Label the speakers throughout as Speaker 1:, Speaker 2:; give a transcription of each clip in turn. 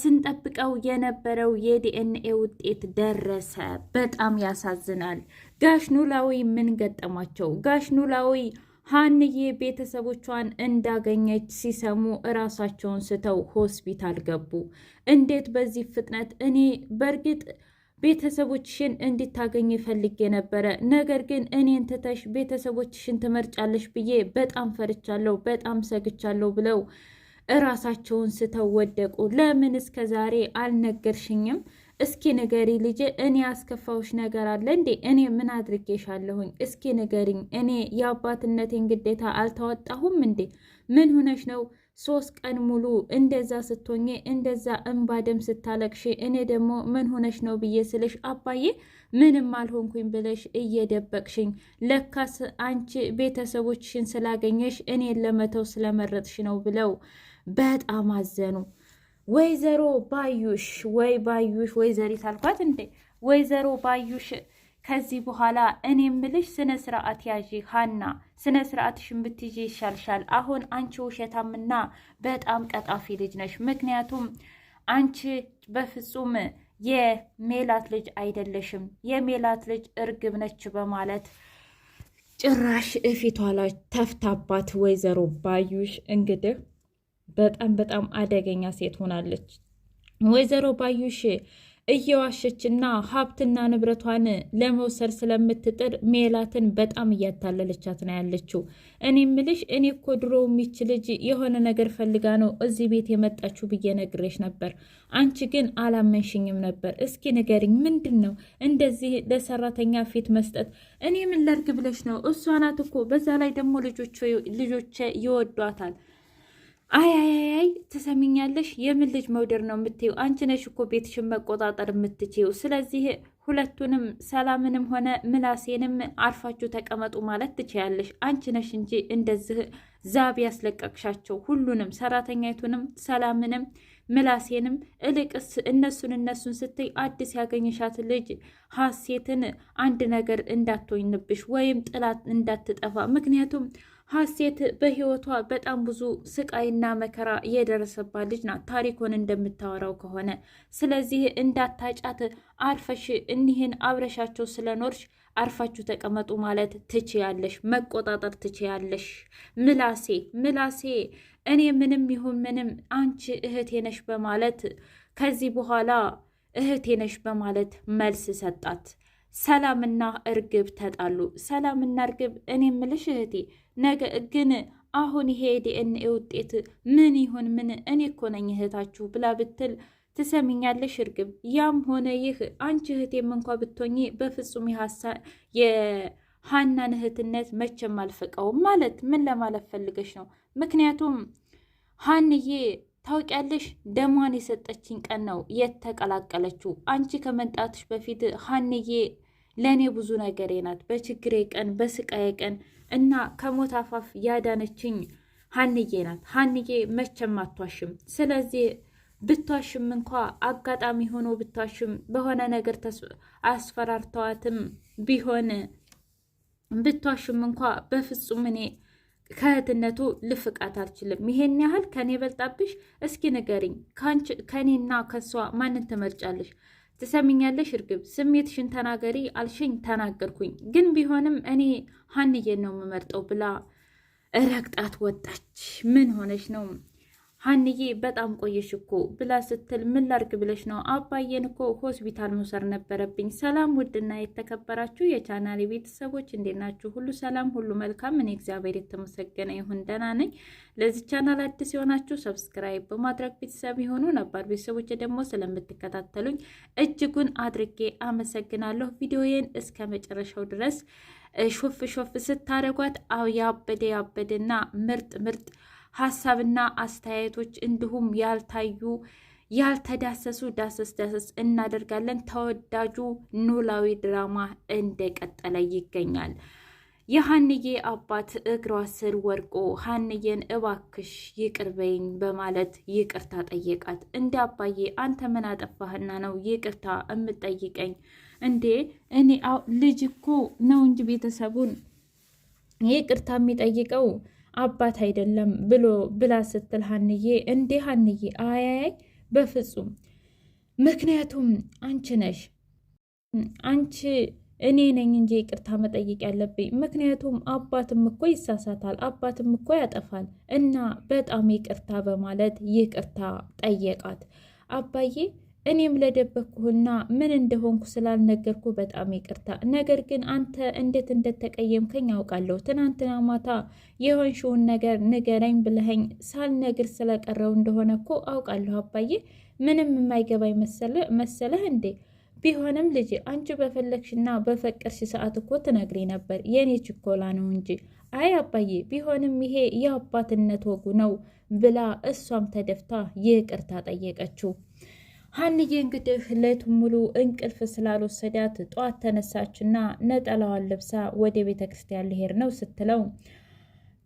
Speaker 1: ስንጠብቀው የነበረው የዲኤንኤ ውጤት ደረሰ። በጣም ያሳዝናል። ጋሽ ኖላዊ ምን ገጠማቸው? ጋሽ ኖላዊ ሀንዬ ቤተሰቦቿን እንዳገኘች ሲሰሙ እራሳቸውን ስተው ሆስፒታል ገቡ። እንዴት በዚህ ፍጥነት? እኔ በእርግጥ ቤተሰቦችሽን እንድታገኝ ፈልጌ ነበረ። ነገር ግን እኔን ትተሽ ቤተሰቦችሽን ትመርጫለሽ ብዬ በጣም ፈርቻለሁ፣ በጣም ሰግቻለሁ ብለው እራሳቸውን ስተው ወደቁ። ለምን እስከ ዛሬ አልነገርሽኝም? እስኪ ንገሪ ልጄ፣ እኔ ያስከፋውሽ ነገር አለ እንዴ? እኔ ምን አድርጌሻለሁኝ? እስኪ ንገሪኝ። እኔ የአባትነቴን ግዴታ አልተወጣሁም እንዴ? ምን ሆነሽ ነው ሶስት ቀን ሙሉ እንደዛ ስትሆኜ እንደዛ እንባ ደም ስታለቅሽ፣ እኔ ደግሞ ምን ሆነሽ ነው ብዬ ስልሽ አባዬ ምንም አልሆንኩኝ ብለሽ እየደበቅሽኝ፣ ለካስ አንቺ ቤተሰቦችሽን ስላገኘሽ እኔን ለመተው ስለመረጥሽ ነው ብለው በጣም አዘኑ። ወይዘሮ ባዩሽ ወይ ባዩሽ ወይዘሪት አልኳት እንዴ ወይዘሮ ባዩሽ ከዚህ በኋላ እኔ ምልሽ ስነ ስርዓት ያዥ ሀና፣ ስነ ስርዓትሽን ብትይዢ ይሻልሻል። አሁን አንቺ ውሸታምና በጣም ቀጣፊ ልጅ ነሽ። ምክንያቱም አንቺ በፍጹም የሜላት ልጅ አይደለሽም። የሜላት ልጅ እርግብ ነች በማለት ጭራሽ እፊቷ ላይ ተፍታባት። ወይዘሮ ባዩሽ እንግዲህ በጣም በጣም አደገኛ ሴት ሆናለች። ወይዘሮ ባዩሽ እየዋሸችና ሀብትና ንብረቷን ለመውሰድ ስለምትጥር ሜላትን በጣም እያታለለቻት ነው ያለችው። እኔ ምልሽ እኔ እኮ ድሮ የሚች ልጅ የሆነ ነገር ፈልጋ ነው እዚህ ቤት የመጣችው ብዬ ነግሬሽ ነበር። አንቺ ግን አላመንሽኝም ነበር። እስኪ ንገሪኝ፣ ምንድን ነው እንደዚህ ለሰራተኛ ፊት መስጠት? እኔ ምን ላድርግ ብለሽ ነው? እሷ ናት እኮ። በዛ ላይ ደግሞ ልጆቼ ይወዷታል አያያያይ ትሰሚኛለሽ፣ የምን ልጅ መውደር ነው የምትይው? አንቺ ነሽ እኮ ቤትሽን መቆጣጠር የምትችው። ስለዚህ ሁለቱንም ሰላምንም ሆነ ምላሴንም አርፋችሁ ተቀመጡ ማለት ትችያለሽ። አንቺ ነሽ እንጂ እንደዚህ ዛብ ያስለቀቅሻቸው ሁሉንም፣ ሰራተኛይቱንም፣ ሰላምንም፣ ምላሴንም። እልቅስ እነሱን እነሱን ስትይ አዲስ ያገኘሻት ልጅ ሀሴትን አንድ ነገር እንዳትወኝንብሽ ወይም ጥላት እንዳትጠፋ ምክንያቱም ሀሴት በህይወቷ በጣም ብዙ ስቃይና መከራ የደረሰባት ልጅ ናት፣ ታሪኮን እንደምታወራው ከሆነ። ስለዚህ እንዳታጫት አርፈሽ እኒህን አብረሻቸው ስለኖርሽ አርፋችሁ ተቀመጡ ማለት ትችያለሽ፣ መቆጣጠር ትችያለሽ። ምላሴ ምላሴ እኔ ምንም ይሁን ምንም አንቺ እህቴ ነሽ በማለት ከዚህ በኋላ እህቴ ነሽ በማለት መልስ ሰጣት። ሰላምና እርግብ ተጣሉ። ሰላምና እርግብ እኔ እምልሽ እህቴ ነገ ግን አሁን ይሄ የዲኤንኤ ውጤት ምን ይሁን ምን እኔ እኮ ነኝ እህታችሁ ብላ ብትል ትሰሚኛለሽ እርግብ፣ ያም ሆነ ይህ አንቺ እህቴም እንኳ ብትሆኚ በፍጹም የሀናን እህትነት መቼም አልፈቀውም። ማለት ምን ለማለት ፈልገሽ ነው? ምክንያቱም ሀንዬ ታውቂያለሽ ደሟን የሰጠችኝ ቀን ነው የተቀላቀለችው። አንቺ ከመምጣትሽ በፊት ሀንዬ ለእኔ ብዙ ነገሬ ናት። በችግሬ ቀን፣ በስቃዬ ቀን እና ከሞት አፋፍ ያዳነችኝ ሀንዬ ናት። ሀንዬ መቼም አትዋሽም። ስለዚህ ብቷሽም እንኳ አጋጣሚ ሆኖ ብቷሽም በሆነ ነገር አስፈራርተዋትም ቢሆን ብቷሽም እንኳ በፍጹም እኔ ከእህትነቱ ልፍቃት አልችልም። ይሄን ያህል ከኔ በልጣብሽ? እስኪ ንገሪኝ፣ ከኔና ከሷ ማንን ትመርጫለሽ? ትሰሚኛለሽ እርግብ፣ ስሜትሽን ተናገሪ አልሽኝ፣ ተናገርኩኝ። ግን ቢሆንም እኔ ሀንዬን ነው የምመርጠው ብላ ረግጣት ወጣች። ምን ሆነች ነው ሀንዬ በጣም ቆየሽ እኮ ብላ ስትል ምን ላርግ ብለሽ ነው? አባዬን እኮ ሆስፒታል መውሰድ ነበረብኝ። ሰላም ውድና የተከበራችሁ የቻናል ቤተሰቦች እንዴት ናችሁ? ሁሉ ሰላም፣ ሁሉ መልካም። እኔ እግዚአብሔር የተመሰገነ ይሁን ደህና ነኝ። ለዚህ ቻናል አዲስ የሆናችሁ ሰብስክራይብ በማድረግ ቤተሰብ የሆኑ ነባር ቤተሰቦች ደግሞ ስለምትከታተሉኝ እጅጉን አድርጌ አመሰግናለሁ። ቪዲዮዬን እስከ መጨረሻው ድረስ ሾፍ ሾፍ ስታደርጓት ያበደ ያበደና ምርጥ ምርጥ ሀሳብና አስተያየቶች እንዲሁም ያልታዩ ያልተዳሰሱ ዳሰስ ዳሰስ እናደርጋለን። ተወዳጁ ኖላዊ ድራማ እንደቀጠለ ይገኛል። የሀንዬ አባት እግሯ ስር ወድቆ ሀንዬን እባክሽ ይቅርበኝ በማለት ይቅርታ ጠየቃት። እንደ አባዬ አንተ ምን አጠፋህና ነው ይቅርታ እምጠይቀኝ? እንዴ እኔ ልጅ እኮ ነው እንጂ ቤተሰቡን ይቅርታ የሚጠይቀው አባት አይደለም ብሎ ብላ ስትል ሀንዬ እንዴ ሀንዬ አያያይ በፍጹም ምክንያቱም አንቺ ነሽ አንቺ እኔ ነኝ እንጂ ይቅርታ መጠየቅ ያለብኝ ምክንያቱም አባትም እኮ ይሳሳታል አባትም እኮ ያጠፋል እና በጣም ይቅርታ በማለት ይቅርታ ጠየቃት አባዬ እኔም ለደበቅኩህና ምን እንደሆንኩ ስላልነገርኩ በጣም ይቅርታ። ነገር ግን አንተ እንዴት እንደተቀየምከኝ አውቃለሁ። ትናንትና ማታ የሆንሽውን ነገር ንገረኝ ብለኸኝ ሳልነግር ስለቀረው እንደሆነ እኮ አውቃለሁ አባዬ። ምንም የማይገባኝ መሰለህ እንዴ? ቢሆንም ልጅ አንቺ በፈለግሽና በፈቀድሽ ሰዓት እኮ ትነግሪ ነበር። የእኔ ችኮላ ነው እንጂ። አይ አባዬ፣ ቢሆንም ይሄ የአባትነት ወጉ ነው ብላ እሷም ተደፍታ ይቅርታ ጠየቀችው። ሀንዬ እንግዲህ ሌቱን ሙሉ እንቅልፍ ስላልወሰዳት ጠዋት ተነሳችና ነጠላዋን ለብሳ ወደ ቤተ ክርስቲያን ልሄድ ነው ስትለው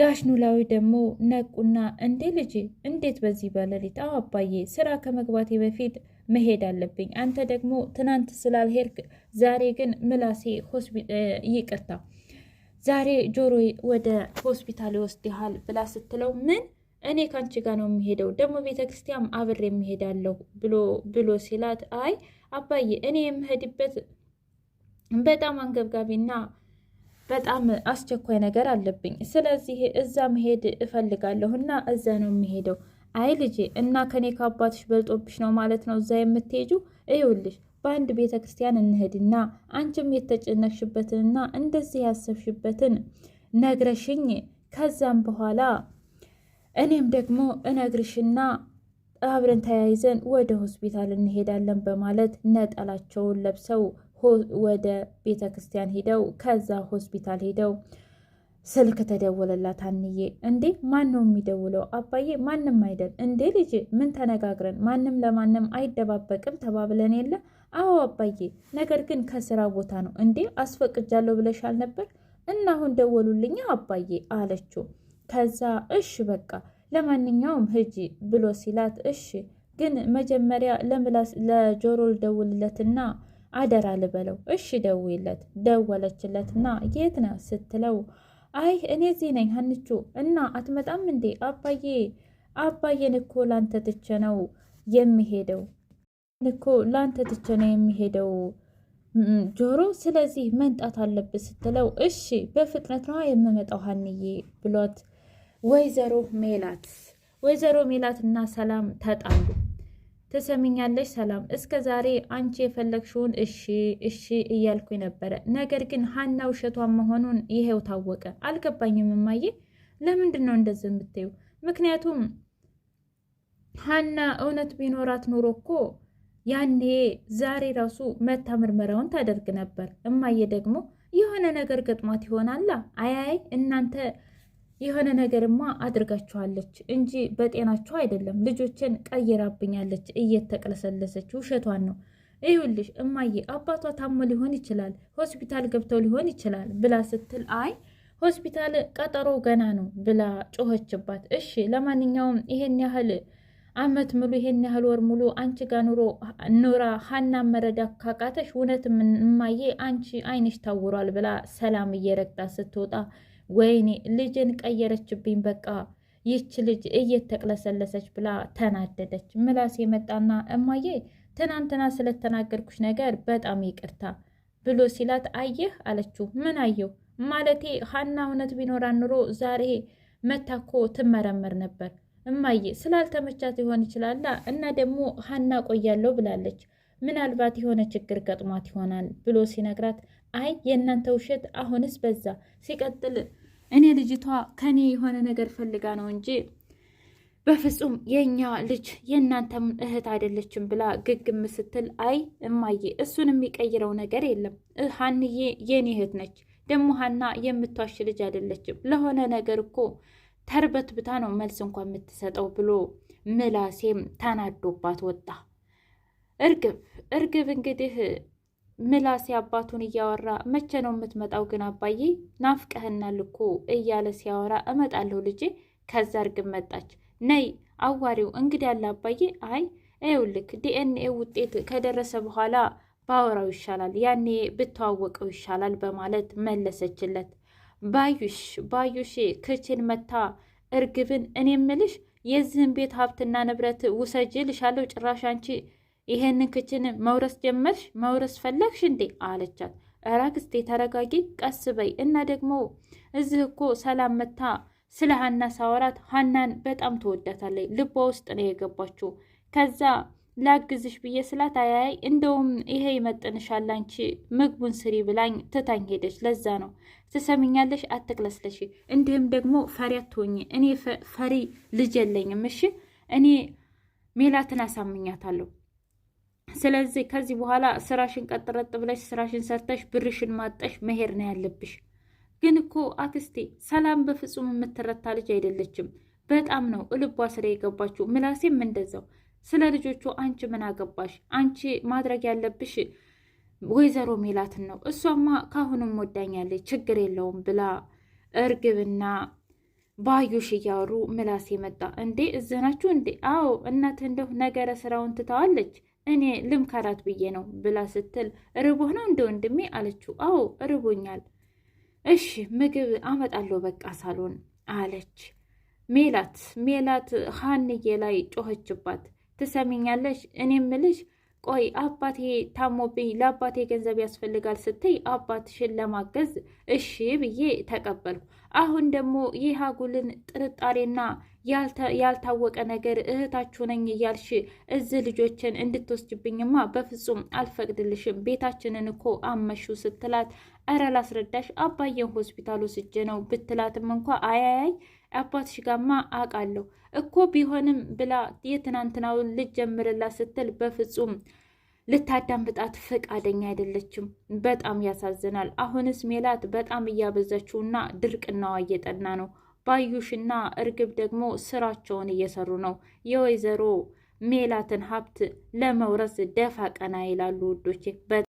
Speaker 1: ጋሽ ኖላዊ ደግሞ ነቁና እንዴ ልጅ እንዴት በዚህ በሌሊት? አዎ አባዬ፣ ስራ ከመግባቴ በፊት መሄድ አለብኝ። አንተ ደግሞ ትናንት ስላልሄድክ ዛሬ ግን ምላሴ ይቅርታ፣ ዛሬ ጆሮ ወደ ሆስፒታል ይወስድሃል ብላ ስትለው ምን እኔ ከአንቺ ጋር ነው የሚሄደው ደግሞ ቤተ ክርስቲያን አብሬ የሚሄዳለሁ ብሎ ሲላት፣ አይ አባዬ እኔ የምሄድበት በጣም አንገብጋቢና በጣም አስቸኳይ ነገር አለብኝ። ስለዚህ እዛ መሄድ እፈልጋለሁ እና እዛ ነው የሚሄደው። አይ ልጄ እና ከኔ ከአባትሽ በልጦብሽ ነው ማለት ነው እዛ የምትሄጁ? እዩልሽ በአንድ ቤተ ክርስቲያን እንሄድና አንቺም የተጨነቅሽበትንና እንደዚህ ያሰብሽበትን ነግረሽኝ ከዛም በኋላ እኔም ደግሞ እነግርሽና አብረን ተያይዘን ወደ ሆስፒታል እንሄዳለን በማለት ነጠላቸውን ለብሰው ወደ ቤተ ክርስቲያን ሄደው ከዛ ሆስፒታል ሄደው ስልክ ተደወለላት። አንዬ እንዴ ማን ነው የሚደውለው? አባዬ ማንም አይደል እንዴ? ልጅ ምን ተነጋግረን ማንም ለማንም አይደባበቅም ተባብለን የለ? አዎ አባዬ፣ ነገር ግን ከስራ ቦታ ነው እንዴ? አስፈቅጃለሁ ብለሻል ነበር እና አሁን ደወሉልኛ አባዬ አለችው። ከዛ እሽ በቃ ለማንኛውም ህጂ ብሎ ሲላት እሽ ግን መጀመሪያ ለምላስ ለጆሮ ልደውልለትና አደራ ልበለው። እሽ ደውይለት። ደወለችለትና የት ስትለው አይ እኔ እዚህ ነኝ ሀንቹ። እና አትመጣም እንዴ? አባዬ አባዬን እኮ ላንተ ትቼ ነው የሚሄደው እኮ ላንተ ትቼ ነው የሚሄደው ጆሮ፣ ስለዚህ መንጣት አለብህ ስትለው እሺ በፍጥነት ነዋ የምመጣው ሀንዬ ብሎት ወይዘሮ ሜላት ወይዘሮ ሜላት እና ሰላም ተጣሉ። ትሰምኛለች ሰላም፣ እስከ ዛሬ አንቺ የፈለግሽውን እሺ እሺ እያልኩ ነበረ። ነገር ግን ሀና ውሸቷን መሆኑን ይሄው ታወቀ። አልገባኝም እማዬ፣ ለምንድን ነው እንደዚህ የምትይው? ምክንያቱም ሀና እውነት ቢኖራት ኑሮ እኮ ያኔ ዛሬ ራሱ መታ ምርመራውን ታደርግ ነበር። እማዬ ደግሞ የሆነ ነገር ገጥሟት ይሆናላ። አያይ እናንተ የሆነ ነገርማ አድርጋችኋለች እንጂ በጤናችሁ አይደለም። ልጆችን ቀይራብኛለች እየተቀለሰለሰች ውሸቷን ነው። እዩልሽ እማዬ አባቷ ታሞ ሊሆን ይችላል፣ ሆስፒታል ገብተው ሊሆን ይችላል ብላ ስትል አይ ሆስፒታል ቀጠሮ ገና ነው ብላ ጮኸችባት። እሺ ለማንኛውም ይሄን ያህል አመት ሙሉ ይሄን ያህል ወር ሙሉ አንቺ ጋ ኑሮ ኑራ ሀና መረዳ ካቃተሽ እውነት እማዬ አንቺ አይንሽ ታውሯል ብላ ሰላም እየረግጣ ስትወጣ ወይኔ ልጅን ቀየረችብኝ በቃ ይች ልጅ እየተቅለሰለሰች ብላ ተናደደች። ምላስ የመጣና እማዬ ትናንትና ስለተናገርኩሽ ነገር በጣም ይቅርታ ብሎ ሲላት አየህ አለችው። ምን አየሁ ማለቴ ሀና እውነት ቢኖራን ኑሮ ዛሬ መታኮ ትመረመር ነበር። እማዬ ስላልተመቻት ይሆን ይችላላ እና ደግሞ ሀና ቆያለሁ ብላለች። ምናልባት የሆነ ችግር ገጥሟት ይሆናል ብሎ ሲነግራት አይ የእናንተ ውሸት አሁንስ በዛ። ሲቀጥል እኔ ልጅቷ ከኔ የሆነ ነገር ፈልጋ ነው እንጂ በፍጹም የእኛ ልጅ የእናንተም እህት አይደለችም ብላ ግግም ስትል፣ አይ እማዬ እሱን የሚቀይረው ነገር የለም። ሀንዬ የኔ እህት ነች። ደግሞ ሀና የምትዋሽ ልጅ አይደለችም። ለሆነ ነገር እኮ ተርበት ብታ ነው መልስ እንኳ የምትሰጠው ብሎ ምላሴም ተናዶባት ወጣ። እርግብ እርግብ እንግዲህ ምላሴ አባቱን እያወራ መቼ ነው የምትመጣው ግን አባዬ ናፍቀህናል እኮ እያለ ሲያወራ እመጣለሁ ልጄ። ከዛ እርግብ መጣች። ነይ አዋሪው እንግዲህ ያለ አባዬ። አይ ይኸውልህ ዲኤንኤ ውጤት ከደረሰ በኋላ ባወራው ይሻላል፣ ያኔ ብተዋወቀው ይሻላል በማለት መለሰችለት። ባዩሽ ባዩሽ ክችን መታ እርግብን እኔ ምልሽ የዚህን ቤት ሀብትና ንብረት ውሰጅ ልሻለው ጭራሽ አንቺ ይሄን ክችን መውረስ ጀመርሽ? መውረስ ፈለግሽ እንዴ? አለቻት። ኧረ ተረጋጊ፣ ቀስ በይ እና ደግሞ እዚህ እኮ ሰላም መታ ስለ ሀና ሳወራት ሀናን በጣም ትወዳታለች፣ ልቧ ውስጥ ነው የገባችው። ከዛ ላግዝሽ ብዬ ስላት አያይ እንደውም ይሄ ይመጥንሻል አንቺ ምግቡን ስሪ ብላኝ ትታኝ ሄደች። ለዛ ነው ትሰሚኛለሽ፣ አትቅለስለሽ። እንዲህም ደግሞ ፈሪ አትሆኝ። እኔ ፈሪ ልጅ የለኝም። እሺ እኔ ሜላትን አሳምኛታለሁ። ስለዚህ ከዚህ በኋላ ስራሽን ቀጥረጥ ብለሽ ስራሽን ሰርተሽ ብርሽን ማጠሽ መሄድ ነው ያለብሽ። ግን እኮ አክስቴ ሰላም በፍጹም የምትረታ ልጅ አይደለችም። በጣም ነው እልቧ ስራ የገባችው። ምላሴም እንደዛው ስለ ልጆቹ አንቺ ምን አገባሽ? አንቺ ማድረግ ያለብሽ ወይዘሮ ሜላትን ነው። እሷማ ካሁንም ወዳኛለች፣ ችግር የለውም ብላ እርግብና ባዩሽ እያወሩ ምላሴ መጣ። እንዴ እዘናችሁ እንዴ? አዎ እናት እንደው ነገረ ስራውን ትተዋለች እኔ ልምከራት ብዬ ነው ብላ ስትል ርቦህ ነው እንደ ወንድሜ አለችው። አዎ ርቦኛል። እሺ ምግብ አመጣለሁ በቃ ሳሎን አለች። ሜላት ሜላት ሀንዬ ላይ ጮኸችባት። ትሰሚኛለሽ እኔ ምልሽ ቆይ አባቴ ታሞብኝ ለአባቴ ገንዘብ ያስፈልጋል ስትይ አባትሽን ለማገዝ እሺ ብዬ ተቀበልኩ። አሁን ደግሞ ይህ አጉልን ጥርጣሬና ያልታወቀ ነገር እህታችሁ ነኝ እያልሽ እዚህ ልጆችን እንድትወስጅብኝማ በፍጹም አልፈቅድልሽም። ቤታችንን እኮ አመሹ ስትላት፣ እረ ላስረዳሽ አባዬን ሆስፒታል ወስጄ ነው ብትላትም እንኳ አያያይ አባትሽ ጋማ አውቃለሁ እኮ ቢሆንም ብላ የትናንትናውን ልጅ ጀምርላት ስትል በፍጹም ልታዳምጣት ፈቃደኛ አይደለችም። በጣም ያሳዝናል። አሁንስ ሜላት በጣም እያበዛችውና ድርቅናዋ እየጠና ነው። ባዩሽና እርግብ ደግሞ ስራቸውን እየሰሩ ነው። የወይዘሮ ሜላትን ሀብት ለመውረስ ደፋ ቀና ይላሉ ውዶቼ።